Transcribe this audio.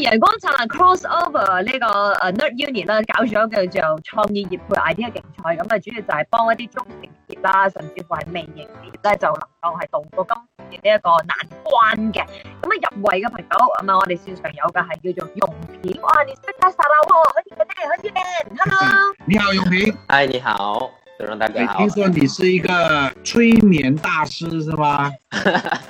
陽光燦爛 crossover 呢個 nerd unit 啦，搞咗叫做創意業配 idea 競賽，咁啊主要就係幫一啲中型企業啦，甚至乎係微型業咧，就能夠係度過今次呢一個難關嘅。咁啊入圍嘅朋友啊，咁啊我哋線上有嘅係叫做永平。哇，你識得晒啦喎！何建，何建，hello，你好永平。哎，你好，早上大家好。聽說你是一個催眠大師，是嗎？